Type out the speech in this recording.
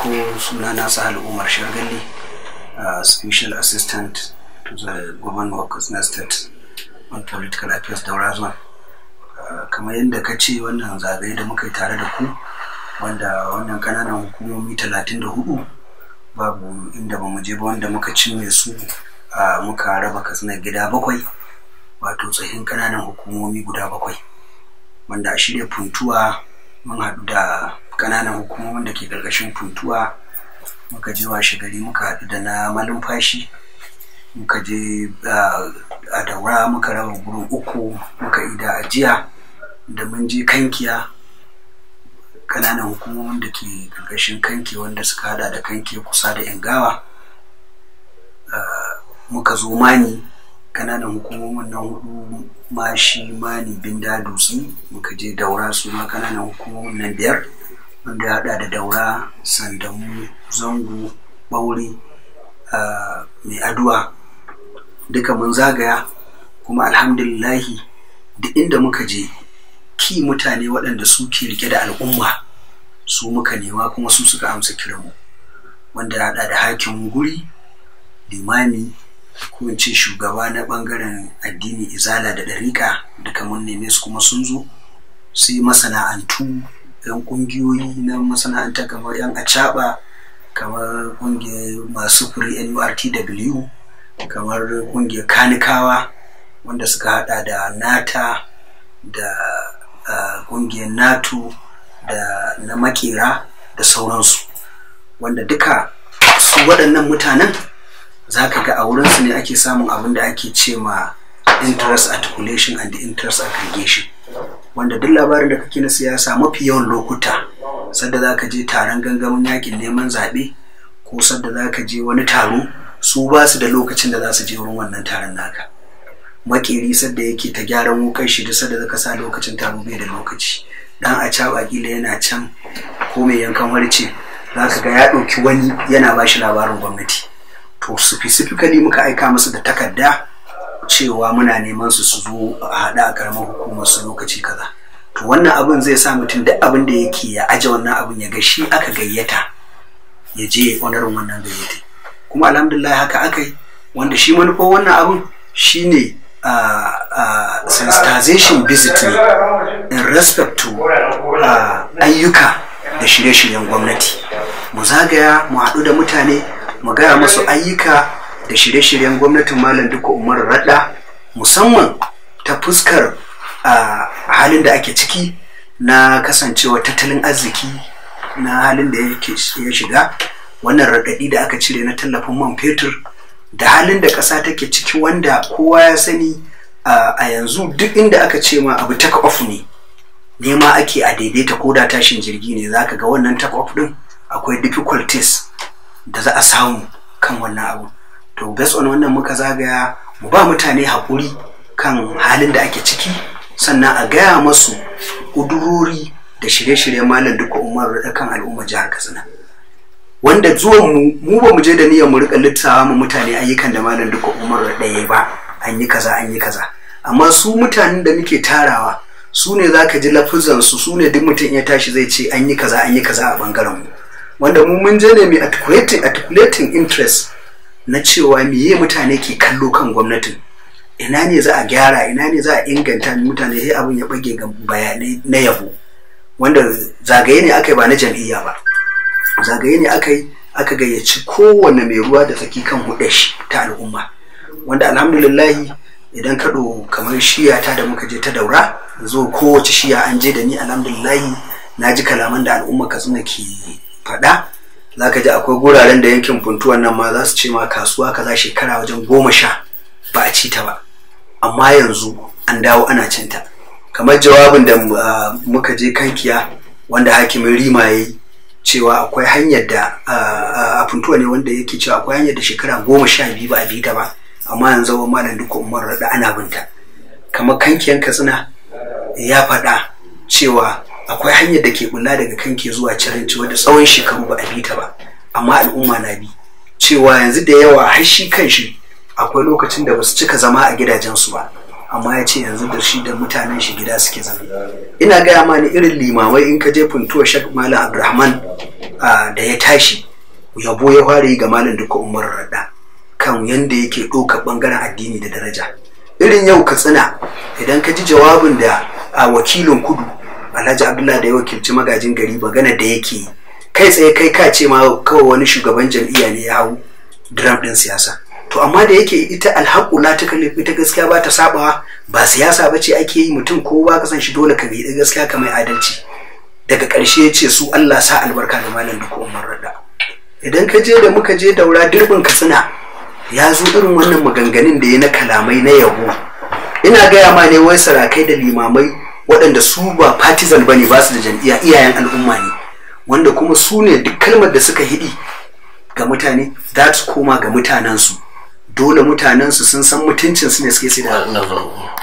Ko suna na sahal umar shargalli special assistant to the government of na state on political affairs daura zuwa kamar yadda ka ce wannan zagaye da muka yi tare da ku wanda wannan kananan hukumomi talatin da 34 babu inda ba mu je ba wanda muka cinye su muka raba katsina gida bakwai wato tsohin kananan hukumomi guda bakwai wanda a shirya puntuwa mun haɗu da kananan hukumomin da ke ƙarƙashin tuntuwa muka je washe gari muka haɗu da na malumfashi muka je a daura muka raba gurin uku muka ida ajiya da mun je kankiya kananan hukumomin da ke ƙarƙashin kanki wanda suka hada da kanki kusa da yangawa muka zo mani kananan hukumomin nan hudu mashi mani binda dutse muka je daura su ma kananan hukumomin nan biyar wanda ya hada da daura sandamu zango ɓaure mai aduwa duka mun zagaya kuma alhamdulillahi da inda muka je ki mutane waɗanda su ke rike da al'umma su muka nema kuma su suka amsa kiranmu wanda ya haɗa da hakin guri limami ko ce shugaba na ɓangaren addini izala da ɗarika, duka mun neme su kuma sun zo sai masana'antu 'yan ƙungiyoyi na masana'anta kamar 'yan acaɓa, kamar kungiyar masu furi nurtw kamar kungiyar kanikawa wanda suka hada da nata da kungiyar nato da na makera da sauransu wanda duka su waɗannan mutanen za ka ga a wurinsu ne ake samun abin da ake ce ma interest articulation and interest aggregation wanda duk labarin da kake na siyasa mafi yawan lokuta sadda za ka je taron gangamin yakin neman zaɓe ko sadda za ka je wani taro su ba su da lokacin da za su je wurin wannan taron naka makeri sadda yake ta gyaran wukar shi duk sadda zaka sa lokacin taro bai da lokaci dan a caba kila yana can ko mai yankan warce za ka ga ya ɗauki wani yana ba shi labarin gwamnati to specifically muka aika masa da takarda cewa muna neman su su zo a haɗa a karamar hukumar su lokaci kaza to wannan abin zai sa mutum duk abin da yake ya aje wannan abin ya ga shi aka gayyata ya je ya onarin wannan gayyata kuma alhamdulillah haka aka yi wanda shi manufa wannan abin shine a sensitization visit ne in respect to ayyuka da shirye-shiryen gwamnati mu zagaya mu haɗu da mutane mu gaya masu ayyuka da shirye-shiryen gwamnatin malam duka umar raɗa musamman ta fuskar a halin da ake ciki na kasancewa tattalin arziki na halin da ya shiga wannan raɗaɗi da aka cire na tallafin man fetur da halin da ƙasa take ciki wanda kowa ya sani a yanzu duk inda aka ce ma abu take off ne nema ake a daidaita ko da tashin jirgi ne za ka ga wannan take off din akwai difficulties da za a samu kan wannan abu to on wannan muka zagaya mu ba mutane haƙuri kan halin da ake ciki sannan a gaya masu ƙudurori da shirye-shiryen malam duka umar kan al'ummar jihar katsina wanda zuwan mu mu ba mu je da niyyar mu rika littawa mu mutane ayyukan da malam duka umar ɗaya ba an yi kaza an yi kaza amma su mutanen da muke tarawa su ne za ka ji lafuzansu su ne duk mutum ya tashi zai ce an yi kaza an yi kaza a bangaren mu wanda mu mun je ne mai articulating interest na cewa meye mutane ke kallo kan gwamnatin ina ne za a gyara ina ne za a inganta mutane sai abin ya bage ga bayanai na yabo wanda zagaye ne aka yi ba na jam'iyya ba zagaye ne aka yi aka gayyaci kowane mai ruwa da tsaki kan huɗe shi ta al'umma wanda alhamdulillahi idan ka kamar shiya ta da muka je ta daura zo kowace shiya an je da ni alhamdulillahi na ji kalaman da al'umma ka katsina ke faɗa za ka ji akwai guraren da yankin funtuwan nan ma za su ce ma kasuwa kaza shekara wajen goma sha ba a ci ta ba amma yanzu an dawo ana cinta kamar jawabin da ah, muka je kankiya wanda hakimin rima ya yi cewa akwai hanyar da ah, ah, a funtuwa ne wanda yake cewa akwai hanyar da shekara goma sha biyu ba a bi ta ba amma yanzu wa malam duka umar da ana binta kamar kankiyan katsina ya faɗa cewa akwai hanyar da ke bulla daga kanke zuwa cirinci wadda tsawon shekaru ba a bi ta ba amma al'umma na bi cewa yanzu da yawa har shi kan shi akwai lokacin da basu cika zama a gidajensu ba amma ya ce yanzu da shi da mutanen shi gida suke zama ina gaya ma ni irin limamai in ka je funtuwa shak malam abdulrahman da ya tashi yabo ya fara yi ga malam duka umar radda kan yanda yake ɗauka ɓangaren addini da daraja irin yau ka tsina idan ka ji jawabin da wakilin kudu alhaji abdullah da ya wakilci magajin gari magana da yake kai tsaye kai ka ce ma kawai wani shugaban jam'iyya ne ya hau drum din siyasa to amma da yake ita alhaƙula ta kalifi ita gaskiya ba ta saba ba siyasa ba ce ake yi mutum ko ba san shi dole ka bi gaskiya ka mai adalci daga ƙarshe ya ce su Allah sa albarka da malam da umar rada idan ka je da muka je daura dirbin katsina ya zo irin wannan maganganun da ya na kalamai na yabo ina gaya ma ne wai sarakai da limamai waɗanda su ba partisan bane ba su da jam'iyya iyayen al'umma ne wanda kuma su ne duk kalmar da suka hidi ga mutane za su koma ga mutanensu dole mutanensu sun san mutuncin su ne suke sai da